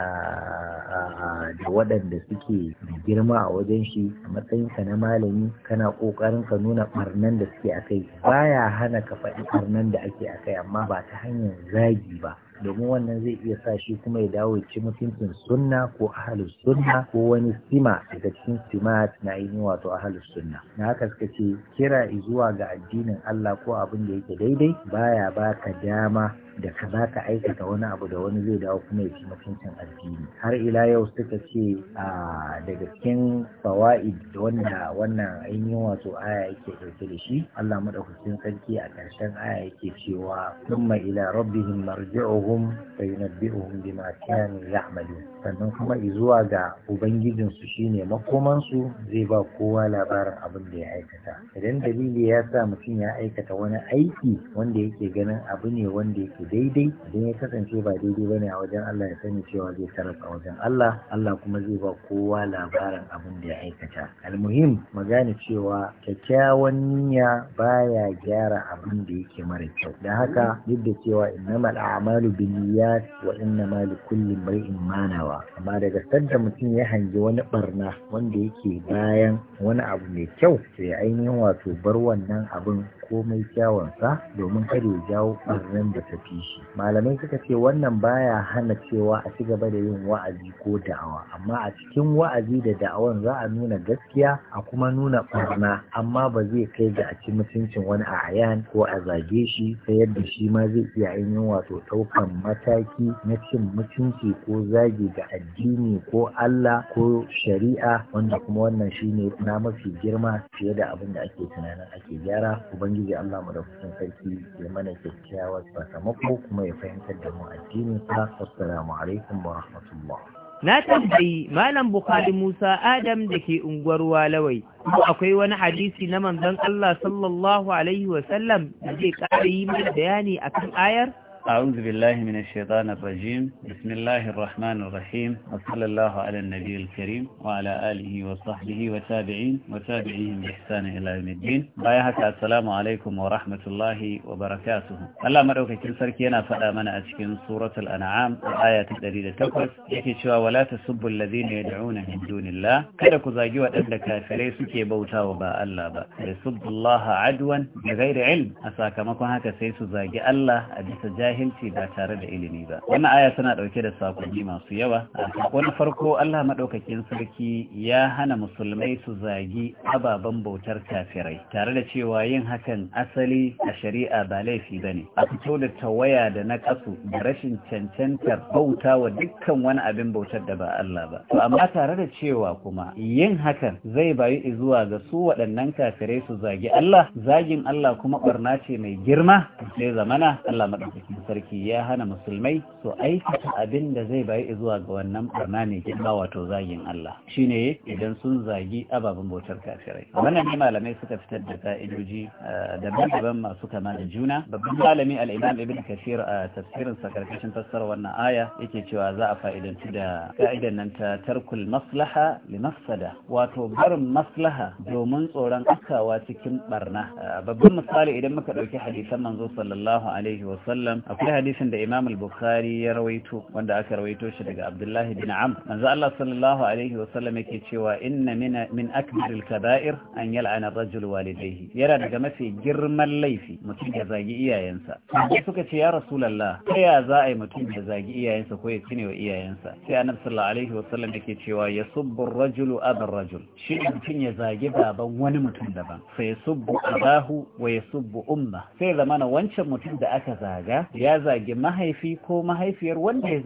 da waɗanda suke girma a wajen shi a matsayinka na malami kana ƙoƙarin ka nuna ɓarnan da suke a kai baya hana ka faɗi ɓarnan da ake a kai amma ba ta hanyar zagi ba domin wannan zai iya sa shi kuma ya dawo ci mutuncin sunna ko ahalus sunna ko wani sima daga cikin simat na ainihin wato ahalus sunna na haka suka ce kira zuwa ga addinin Allah ko abin da yake daidai baya baka dama da ka za ka aikata wani abu da wani zai dawo kuma ya ci mutuncin addini har ila yau suka ce a daga cikin fawa'id wanda wannan ainihin wato aya yake ɗauke da shi Allah madaukakin sarki a ƙarshen aya yake cewa thumma ila rabbihim marji'uhum fa yunabbi'uhum bima kanu ya'malun sannan kuma zuwa ga ubangijin su shine makomansu, zai ba kowa labarin abin da ya aikata idan dalili ya sa mutum ya aikata wani aiki wanda yake ganin abu ne wanda yake su daidai idan ya kasance ba daidai ba ne a wajen Allah ya sani cewa zai taras wajen Allah Allah kuma zai ba kowa labarin abin da ya aikata almuhim magana cewa kyakkyawan niyya baya gyara abin da yake mara kyau da haka duk da cewa innamal a'malu binniyat wa innama likulli imrin ma nawa amma daga sanda mutum ya hangi wani barna wanda yake bayan wani abu mai kyau sai ainihin wato bar wannan abin komai kyawunsa domin kada ya jawo barnan da tafi shi malamai suka ce wannan baya hana cewa a ci gaba da yin wa'azi ko da'awa amma a cikin wa'azi da da'awan za a nuna gaskiya a kuma nuna barna amma ba zai kai ga a ci mutuncin wani a ayan ko a zage shi ta yadda shi ma zai iya ainihin wato ɗaukan mataki na cin mutunci ko zagi ga addini ko Allah ko shari'a wanda kuma wannan shine na mafi girma fiye da abin da ake tunanin ake gyara ubangiji Allah mu da sarki ya mana kyakkyawar sakamako ko kuma ya fahimtar da mu addinin sa assalamu alaikum wa rahmatullah na tambayi malam bukhari musa adam da ke unguwar walawai ko akwai wani hadisi na manzon allah sallallahu alaihi Wasallam da zai ƙara yi mana bayani akan ayar أعوذ بالله من الشيطان الرجيم بسم الله الرحمن الرحيم وصلى الله على النبي الكريم وعلى آله وصحبه وتابعين وتابعيهم بإحسان إلى يوم الدين بايهك السلام عليكم ورحمة الله وبركاته الله مرعوك كنسر كينا فألا من أتكن سورة الأنعام الآية الدليل تقص يكي شوى ولا تسبوا الذين يدعون من دون الله كدك زاجوا أدلك فليسك يبوتا وباء الله با فليسب الله عدوا بغير علم أساكمكم هكا سيسو زاجي الله أبي سجاي jahilci ba tare da ilimi ba wannan aya tana ɗauke da sakonni masu yawa wani farko Allah maɗaukakin sarki ya hana musulmai su zagi ababen bautar kafirai tare da cewa yin hakan asali a shari'a ba laifi bane a fito da tawaya da na nakasu da rashin cancantar bauta wa dukkan wani abin bautar da ba Allah ba to amma tare da cewa kuma yin hakan zai bayu zuwa ga su waɗannan kafirai su zagi Allah zagin Allah kuma barna ce mai girma sai zamana Allah madaukakin sarki ya hana musulmai su aikata abin da zai bayi zuwa ga wannan barna mai girma wato zagin Allah shine idan sun zagi ababen bautar kafirai wannan ne malamai suka fitar da ka'idoji eh, daban-daban masu kama da juna babban malami al-Imam Ibn Kathir a tafsirin sa karkashin fassara wannan aya yake cewa za a fa'idanci da ka'idan nan ta tarkul maslaha li mafsada wato barin maslaha domin tsoron akawa cikin barna eh, babban misali idan muka dauki hadisan manzo sallallahu alaihi wa sallam sai hadisin da Imam al-Bukhari ya rawaito wanda aka rawaito shi daga Abdullah bin Am manzo Allah sallallahu alaihi wa sallam yake cewa inna min min akbar al-kaba'ir an yal'ana ar-rajul walidayhi yana daga mafi girman laifi mutum ya zagi iyayensa sai suka ce ya rasulullah ta ya za a yi mutum ya zagi iyayensa ko ya tsine wa iyayensa sai Annabi sallallahu alaihi wa sallam yake cewa yasubbu ar-rajulu abar rajul shi mutum ya zagi baban wani mutum daban sai yasubbu abahu wa yasubbu umma sai zamana wancan mutum da aka zaga ya zagi mahaifi ko mahaifiyar wanda ya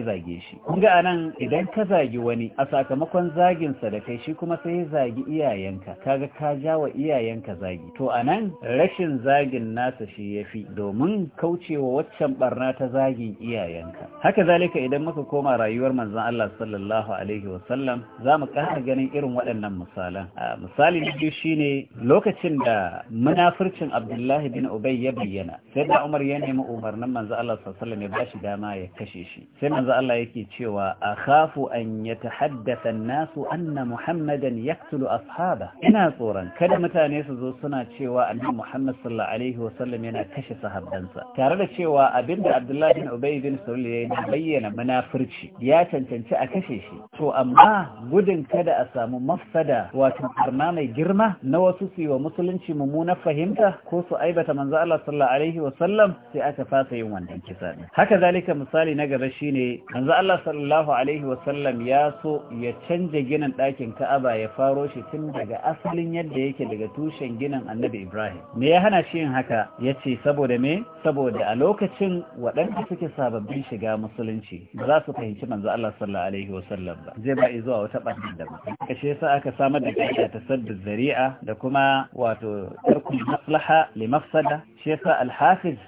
zage shi kunga anan idan ka zagi wani a sakamakon zaginsa da kai shi kuma sai ya zagi iyayenka kaga ka ja wa iyayenka zagi to anan rashin zagin nasa shi yafi domin kaucewa waccan barna ta zagin iyayenka haka zalika idan muka koma rayuwar manzon Allah sallallahu alaihi sallam) za mu ƙara ganin irin waɗannan misalan misali na biyu shine lokacin da munafurcin Abdullahi bin Ubay ya bayyana sai da Umar ya nemi umarnin manzo Allah sallallahu alaihi wasallam ya bashi dama ya kashe shi sai manzo Allah yake cewa akhafu an yatahaddatha an-nasu anna muhammadan yaqtulu ashaba ina tsoron kada mutane su zo suna cewa annabi muhammad sallallahu alaihi wasallam yana kashe sahabbansa tare da cewa abinda abdullahi bin ubay bin sulul ya bayyana munafirci ya cancanci a kashe shi to amma gudun kada a samu mafsada wato karna mai girma na wasu su yi wa musulunci mummunar fahimta ko su aibata manzo Allah sallallahu alaihi wasallam sai aka aka fasa yin wannan kisa ne haka zalika misali na gaba shine manzo Allah sallallahu alaihi wasallam ya so ya canja ginin ɗakin Ka'aba ya faro shi tun daga asalin yadda yake daga tushen ginin Annabi Ibrahim me ya hana shi yin haka yace saboda me saboda a lokacin waɗanda suke sababbin shiga musulunci ba za su fahimci manzo Allah sallallahu alaihi wasallam ba zai ba zuwa wata ɓangaren da ba kashe yasa aka samar da ta sabbin zari'a da kuma wato tarkul maslaha li mafsada shi yasa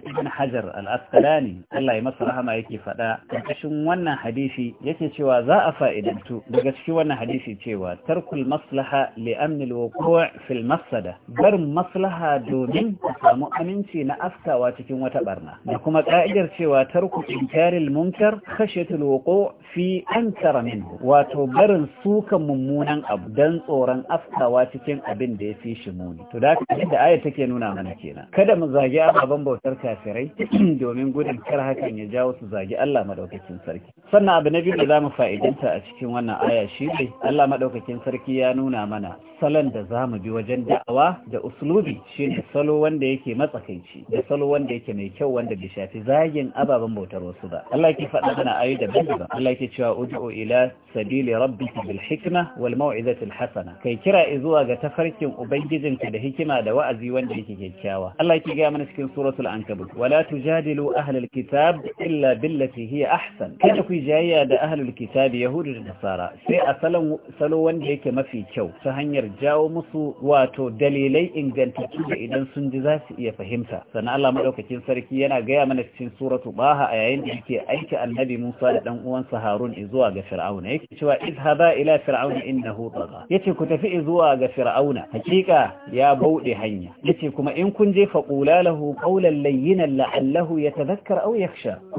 ibn hajar al Allah ya masa rahama yake faɗa karkashin wannan hadisi yake cewa za a fa'idantu daga cikin wannan hadisi cewa tarkul maslaha li amnil wuqu' fil mafsada bar maslaha domin samu aminci na afkawa cikin wata barna da kuma ka'idar cewa tarku inkaril munkar khashyatul wuqu' fi ankara minhu wato barin sukan mummunan abu dan tsoron afkawa cikin abin da ya fi shi muni to da haka take nuna mana kenan kada mu zagi ababen bautar kafirai domin gudun kar hakan ya jawo su zagi Allah madaukakin sarki sannan abu na biyu da zamu fa'idanta a cikin wannan aya shi ne Allah madaukakin sarki ya nuna mana salon da zamu bi wajen da'awa da uslubi shine salo wanda yake matsakaici da salo wanda yake mai kyau wanda bai shafi zagin ababen bautar wasu ba Allah yake faɗa mana ayoyi da daban Allah yake cewa ud'u ila sabili rabbika bil hikma wal mau'izati al hasana kai kira zuwa ga tafarkin ubangijinka da hikima da wa'azi wanda yake kyakkyawa Allah yake ga mana cikin suratul ankabut wala tujadilu ahlul kitab illa billati hiya ahsan kada ku jayya da ahlul kitab yahudu da nasara sai a salon salo wanda yake mafi kyau ta hanyar jawo musu wato dalilai ingantattu da idan sun ji za su iya fahimta sannan Allah madaukakin sarki yana gaya mana cikin suratu baha a yayin da yake aiki annabi Musa da dan uwansa Harun zuwa ga Fir'auna yake cewa izhaba ila fir'auna innahu tagha yace ku tafi zuwa ga Fir'auna hakika ya bauɗe hanya yace kuma in kun je faqula lahu qawlan layyinan la'allahu yatadhakkar aw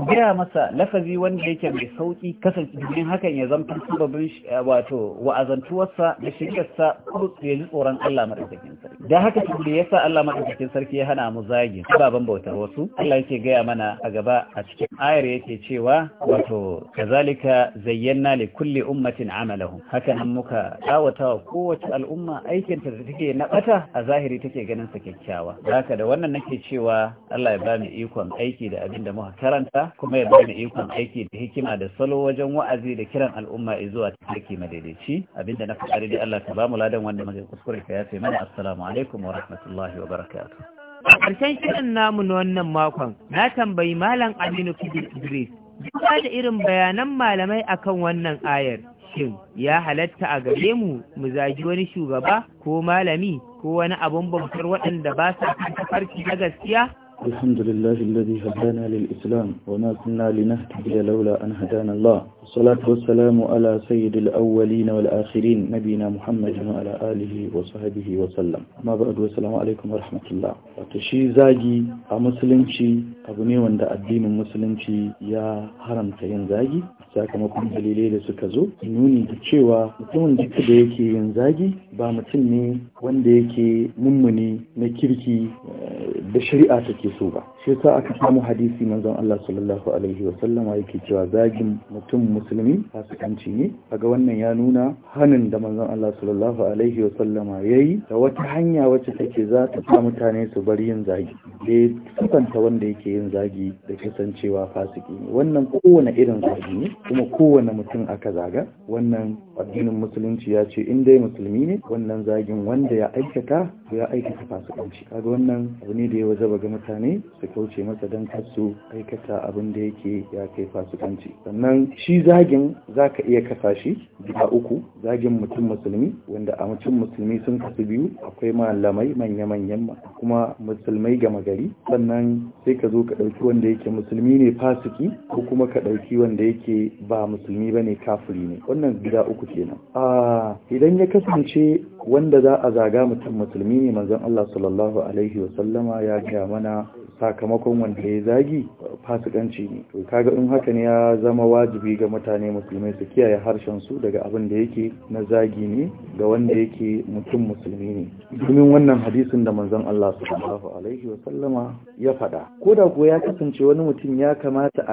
gaya masa lafazi wanda yake mai sauki kasance cikin ya zama sababin eh, wato da shirkar sa tsoron Allah da haka tunda yasa Allah madaukakin ya hana mu zagi babban bautar wasu Allah gaya mana a gaba a cikin ayar yake cewa wato kazalika zayyana li kulli haka nan muka kawata kowace al'umma aikin da take na bata a zahiri take sa kyakkyawa haka wannan nake nake cewa Allah ya bani ikon aiki da abin da muka karanta kuma ya bani ikon aiki da hikima da salo wajen wa'azi da kiran al'umma zuwa tafarki madaidaici abin da na faɗa da Allah ka bamu ladan wanda muke kuskure ka yafe mana assalamu alaikum wa rahmatullahi wa barakatuh a ƙarshen shirin namu na wannan makon na tambayi malam Aminu Kidir Idris Duk da irin bayanan malamai akan wannan ayar shin ya halatta a gare mu mu zagi wani shugaba ko malami ko wani abin bautar waɗanda ba sa kan tafarki na gaskiya الحمد لله الذي هدانا للإسلام وما كنا لنهتدي لولا أن هدانا الله والصلاة والسلام على سيد الأولين والآخرين نبينا محمد وعلى آله وصحبه وسلم ما بعد والسلام عليكم ورحمة الله وتشي زاجي أمسلمشي أبني وند الدين المسلمشي يا هرم تين زاجي sakamakon dalilai da suka zo nuni da cewa mutumin duka da yake yin zagi ba mutum ne wanda yake mummuni na kirki da shari'a take suke so ba shi sa aka samu hadisi manzon Allah sallallahu alaihi wa sallama yake cewa zagin mutum musulmi fasikanci ne kaga wannan ya nuna hanin da manzon Allah sallallahu alaihi wa sallama yayi da wata hanya wacce take za ta sa mutane su bar yin zagi da kusanta wanda yake yin zagi da kasancewa fasiki ne wannan kowane irin zagi ne kuma kowane mutum aka zaga wannan addinin musulunci ya ce in dai musulmi ne wannan zagin wanda ya aikata ya aikata fasikanci kaga wannan abu ne da ya waje ga mutane su kauce masa don kasu aikata abin da yake ya kai fasikanci sannan shi zagin za ka iya kasa shi gida uku zagin mutum musulmi wanda a mutum musulmi sun kasu biyu akwai malamai manya-manyan kuma musulmai gama gari sannan sai ka zo ka ɗauki wanda yake musulmi ne fasiki ko kuma ka ɗauki wanda yake ba musulmi bane ne kafiri ne wannan gida uku kenan a idan ya kasance wanda za a zaga mutum musulmi ne manzon Allah sallallahu alaihi wa sallama ya gaya mana sakamakon wanda ya zagi fasikanci ne to kaga in haka ne ya zama wajibi ga mutane musulmai su kiyaye harshen su daga abin da yake na zagi ne ga wanda yake mutum musulmi ne domin wannan hadisin da manzon Allah sallallahu alaihi wa sallama ya fada ko da ko ya kasance wani mutum ya kamata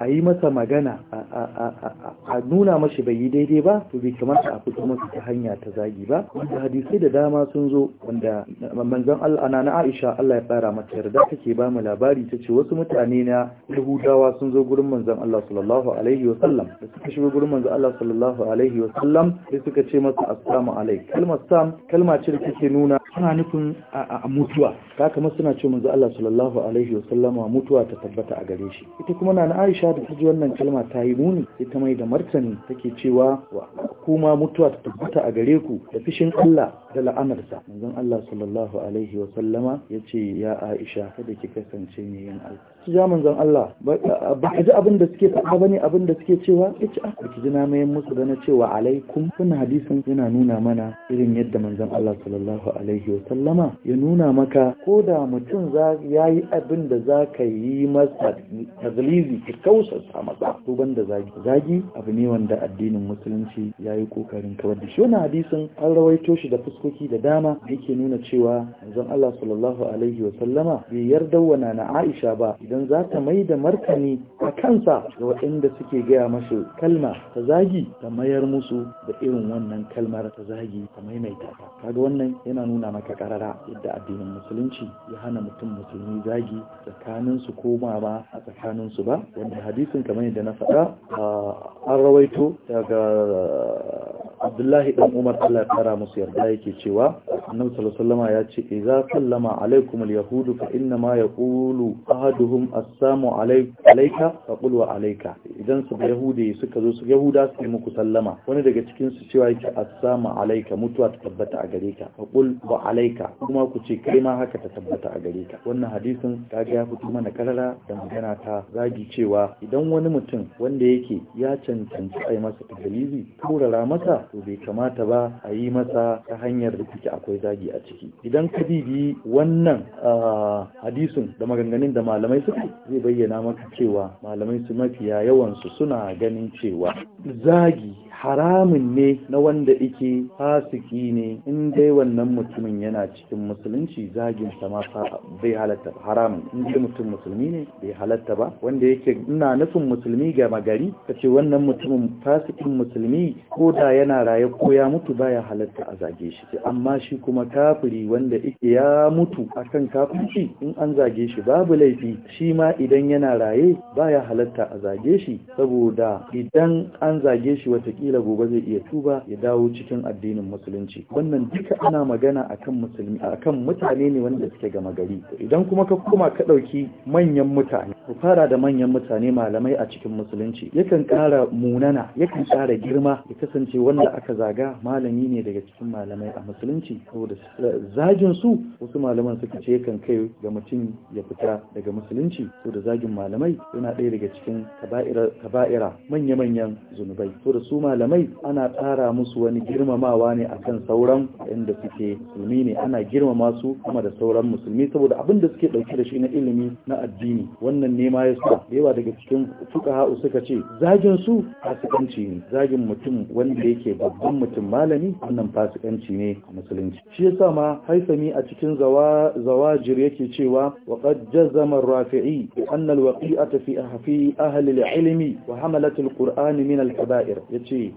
a yi masa magana a nuna mashi bai yi daidai ba to bai kamata a fito masa ta hanya ta zagi ba wanda hadisai da dama sun zo wanda manzon Allah na Aisha Allah ya tsara mata darda take ba mu labari ta ce wasu mutane na yahudawa sun zo gurin manzan Allah sallallahu alaihi wa sallam da suka shigo gurin manzan Allah sallallahu alaihi wa sallam sai suka ce masa assalamu alaik kalmar sam kalma ce da take nuna tana nufin a mutuwa ka kama suna ce manzan Allah sallallahu alaihi wa sallam) wa mutuwa ta tabbata a gare shi ita kuma na Aisha da ta ji wannan kalma ta yi muni sai ta mai da martani take cewa wa kuma mutuwa ta tabbata a gare ku da fishin Allah da la'anarsa manzan Allah sallallahu alaihi wa sallama yace ya Aisha shafi da ki kasance ne yin alfa su ja manzan Allah ba a ji abin da suke faɗa ba ne abin da suke cewa ya a ah ji na mayan musu da na cewa alaikum wannan hadisin yana nuna mana irin yadda manzan Allah sallallahu alaihi wa sallama ya nuna maka ko da mutum ya yi abin da za ka yi masa tazlizi ka kausasa masa to banda zagi zagi abu ne wanda addinin musulunci ya yi kokarin kawar da shi wannan hadisin an rawaito shi da fuskoki da dama yake nuna cewa manzon Allah sallallahu alaihi wa sallama bai yarda wa na Aisha ba idan za ta mai da martani a kansa ga waɗanda suke gaya masu kalma ta zagi ta mayar musu da irin wannan kalmar ta zagi ta maimaita ta kaga wannan yana nuna maka karara yadda addinin musulunci ya hana mutum musulmi zagi tsakanin su koma ba a tsakanin su ba wanda hadisin kamar yadda na faɗa an rawaito daga abdullahi ɗan umar allah kara musu yarda yake cewa annabi sallallahu alaihi wasallam ya ce idza sallama alaikum al-yahudu fa inna ma yaqulu ahaduhum lahum assamu alaika faqul wa alaika idan su yahudi suka zo su yahuda su yi muku sallama wani daga cikin su cewa yake assamu alaika mutuwa ta tabbata a gare ka faqul wa alaika kuma ku ce kai ma haka ta tabbata a gare ka wannan hadisin kaga ya fito mana karara da magana ta zagi cewa idan wani mutum wanda yake ya cancanci a yi masa tagalizi turara masa to bai kamata ba a yi masa ta hanyar da take akwai zagi a ciki idan ka bibi wannan hadisin da maganganun da malamai su. zai bayyana maka cewa malamai su mafiya yawansu suna ganin cewa zagi haramun ne na wanda ike fasiki ne in dai wannan mutumin yana cikin musulunci zagin sa ma bai halatta ba haramun in dai mutum musulmi ne bai halatta ba wanda yake ina nufin musulmi ga magari ce wannan mutumin fasikin musulmi ko da yana raye ko ya mutu baya halatta a zage shi amma shi kuma kafiri wanda ike ya mutu akan kafirci in an zage shi babu laifi shi ma idan yana raye baya halatta a zage shi saboda idan an zage shi watakila kila gobe zai iya tuba ya dawo cikin addinin musulunci wannan duka ana magana akan musulmi akan mutane ne wanda suke gama gari idan kuma ka koma ka ɗauki manyan mutane ku fara da manyan mutane malamai a cikin musulunci yakan ƙara munana yakan ƙara girma ya kasance wanda aka zaga malami ne daga cikin malamai a musulunci saboda eh, zagin su wasu malaman suka ce yakan kai ga mutum ya fita daga musulunci saboda zagin malamai yana ɗaya daga cikin kaba'ira manya-manyan zunubai saboda su malamai ana ƙara musu wani girmamawa ne akan sauran inda suke musulmi ne ana girmama su kuma da sauran musulmi saboda abin da suke ɗauke da shi na ilimi na addini wannan wannan nema ya yawa daga cikin fuqaha suka ce zagin su fasikanci ne zagin mutum wanda yake babban mutum malami wannan fasikanci ne a musulunci shi yasa ma haifami a cikin zawajir yake cewa wa qad jazama rafi'i bi anna al-waqi'ata fi ah, ahli al wa hamalat al min al yace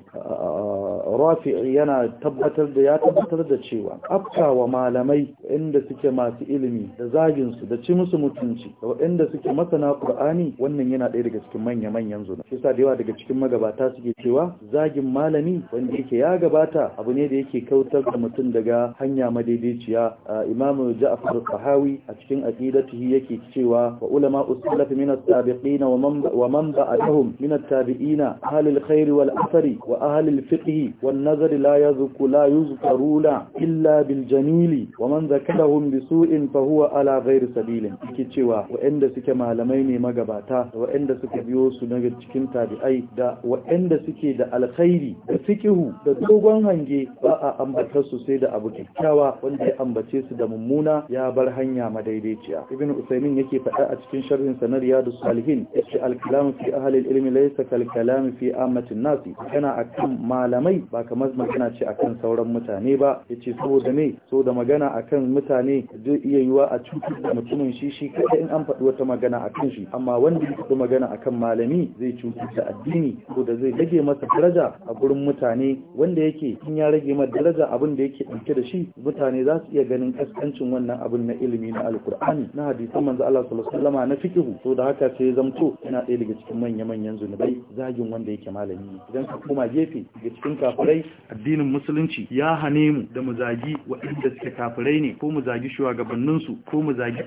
rafi'i yana tabbatar da ya tabbatar da cewa afka wa malamai inda suke masu ilimi da zagin su da ci musu mutunci da waɗanda suke masana na Qur'ani wannan yana ɗaya daga cikin manya-manyan zuna shi yasa da yawa daga cikin magabata suke cewa zagin malami wanda yake ya gabata abu ne da yake kautar da mutum daga hanya madaidaiciya Imam Ja'far Sahawi a cikin aqidatihi yake cewa wa ulama usulaf min as-sabiqin wa man wa man ba'dahum min at-tabi'in ahli al-khair wal athari wa ahli al-fiqh wan nazar la yazku la yuzkaruna illa bil jamili wa man zakarahum bi su'in fa huwa ala ghairi sabilin yake cewa wa'anda suke malamai malamai ne magabata da waɗanda suka biyo su daga cikin tabi'ai da waɗanda suke da alkhairi da fikihu da dogon hange ba a ambatar su sai da abu kyakkyawa wanda ya ambace su da mummuna ya bar hanya madaidaiciya ibn usaymin yake faɗa a cikin sharhin sanar da salihin yace al-kalam fi ahli al-ilmi laysa kal kalam fi ammatin nas kana akan malamai ba kamar magana ce akan sauran mutane ba yace saboda ne so da magana akan mutane zai iya yiwa a cutar mutumin shi shi kada in an faɗi wata magana akan da shi amma wanda ya fi magana akan malami zai cutar da addini ko da zai rage masa daraja a gurin mutane wanda yake in ya rage masa daraja abin da yake dauke da shi mutane za su iya ganin kaskancin wannan abin na ilimi na alkur'ani na hadisan manzo Allah sallallahu alaihi wasallam na fikihu to da haka sai zamto yana ɗaya daga cikin manya-manyan zunubai zagin wanda yake malami idan ka koma gefe daga cikin kafirai addinin musulunci ya hane mu da mu zagi waɗanda suke kafirai ne ko mu zagi shugabanninsu ko mu zagi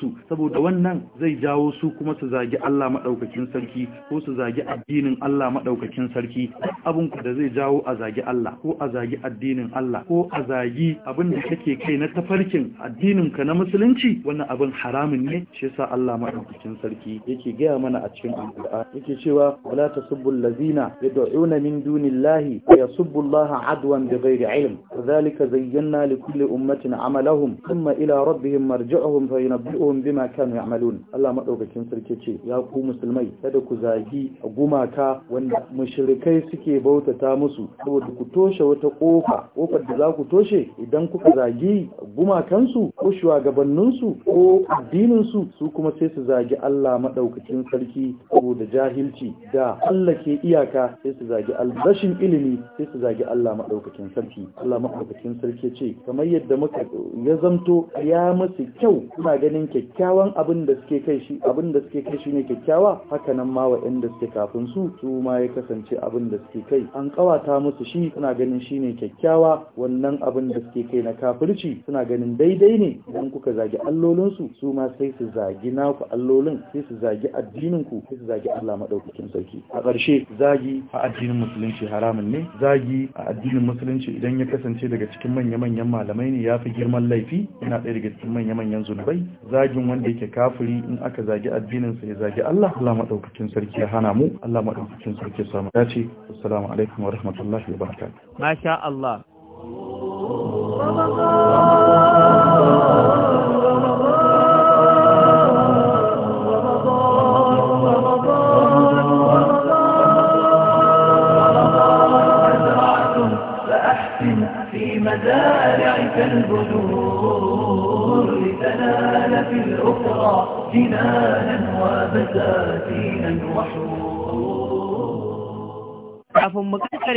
su saboda wannan zai jawo ko su kuma su zagi Allah maɗaukakin sarki ko su zagi addinin Allah maɗaukakin sarki abin ku da zai jawo a zagi Allah ko a zagi addinin Allah ko a zagi abin da kake kai na tafarkin addinin ka na musulunci wannan abin haramun ne shi yasa Allah maɗaukakin sarki yake gaya mana a cikin alƙur'ani yake cewa wala tasubbu allazina yad'una min dunillahi wa yasubbu Allah adwan bighairi ilm kadhalika zayyana likulli ummatin amalahum thumma ila rabbihim marji'uhum fayunabbi'uhum bima kanu ya'malun Allah madaukakin sarki ce ya ku musulmai kada ku zagi a gumaka wanda mushrikai suke bautata musu saboda ku toshe wata kofa kofar da za ku toshe idan kuka zagi gumakansu ko shugabanninsu ko addininsu su kuma sai su zagi Allah madaukakin sarki saboda jahilci da Allah ke iyaka sai su zagi rashin ilimi sai su zagi Allah madaukakin sarki Allah madaukakin sarki ce kamar yadda muka ya zamto ya musu kyau kuna ganin kyakkyawan abin da suke kai shi abin da suke kai shine kyakkyawa haka nan ma waɗanda suke kafin su su ma ya kasance abin da suke kai an kawata musu shi suna ganin shine kyakkyawa wannan abin da suke kai na kafirci suna ganin daidai ne idan kuka zagi allolinsu su ma sai su zagi naku allolin sai su zagi addininku sai su zagi Allah madaukakin sarki a ƙarshe zagi a addinin musulunci haramun ne zagi a addinin musulunci idan ya kasance daga cikin manya-manyan malamai ne ya fi girman laifi yana ɗaya daga cikin manya-manyan zunubai zagin wanda yake kafiri in aka zagi zagi addininsa ya zagi Allah Allah maɗaukakin sarki ya hana mu Allah maɗaukakin sarki ya samu dace assalamu alaikum wa rahmatullahi wa barakatuh masha Allah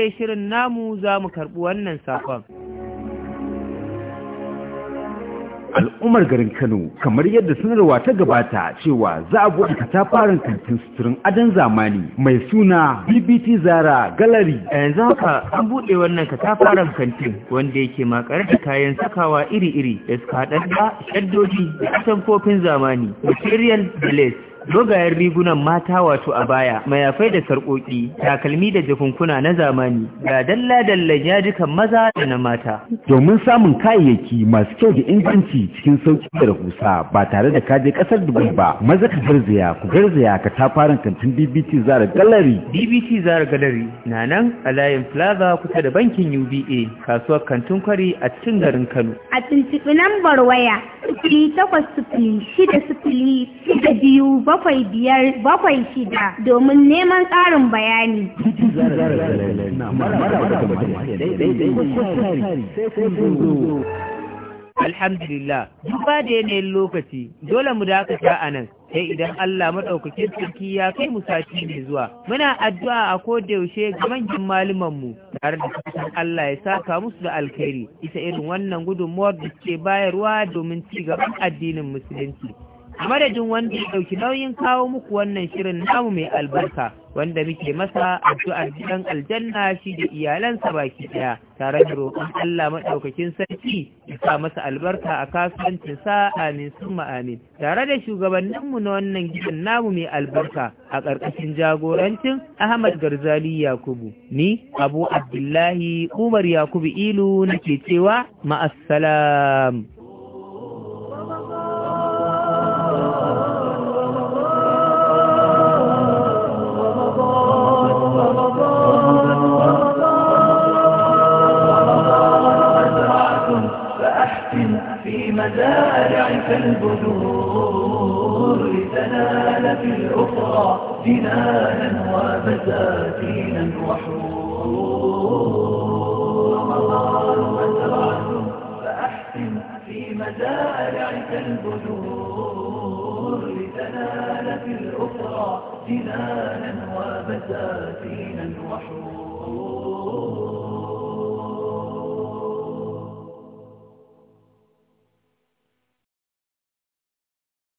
ƙare shirin namu za mu karɓi wannan sakon. al'ummar garin Kano kamar yadda sanarwa ta gabata cewa za a buɗe katafaren kantin suturin adon zamani mai suna BBT Zara Gallery. A yanzu haka an buɗe wannan katafaren kantin wanda yake makare da kayan sakawa iri-iri da suka haɗar da shaddoji da kofin zamani, material da lace. dogayen rigunan mata wato a baya mayafai da sarƙoƙi takalmi da jakunkuna na zamani ga dalla-dallan yajikan maza da na mata domin samun kayayyaki masu kyau da inganci cikin sauki da rahusa ba tare da kaje ƙasar dubai ba maza ka garzaya ku garzaya ka ta fara kantin bbt zara gallery bbt zara gallery na nan a layin plaza kusa da bankin uba kasuwar kantin kwari a cikin garin kano a tuntuɓi lambar waya sifili takwas sifili shida sifili shida biyu bakwai biyar shida domin neman tsarin bayani. Alhamdulillah, ba da yanayin lokaci, dole mu dakata a nan, sai idan Allah maɗaukakin sarki ya kai mu sati mai zuwa. Muna addu'a a kodayaushe ga manyan malumanmu, tare da kusan Allah ya saka musu da alkhairi, ita irin wannan gudunmuwar da suke bayarwa domin ci gaban addinin Musulunci. a madadin wanda ya dauki nauyin kawo muku wannan shirin namu mai albarka wanda muke masa addu'ar gidan aljanna shi da iyalansa baki ɗaya tare da roƙon Allah maɗaukakin sarki ya sa masa albarka a kasuwancin sa amin summa amin tare da shugabanninmu na wannan gidan namu mai albarka a ƙarƙashin jagorancin Ahmad Garzali Yakubu ni Abu Abdullahi Umar Yakubu Ilu nake cewa ma'assalam جنانا وبساتينا وحورا